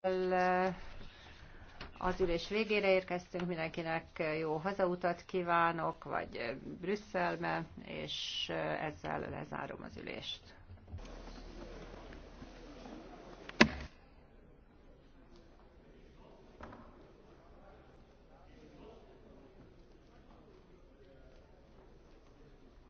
Eh, az ülés végére érkeztünk, mindenkinek eh, jó hazautat kívánok, vagy eh, Brüsszelbe, és ezzel lezárom az ülést.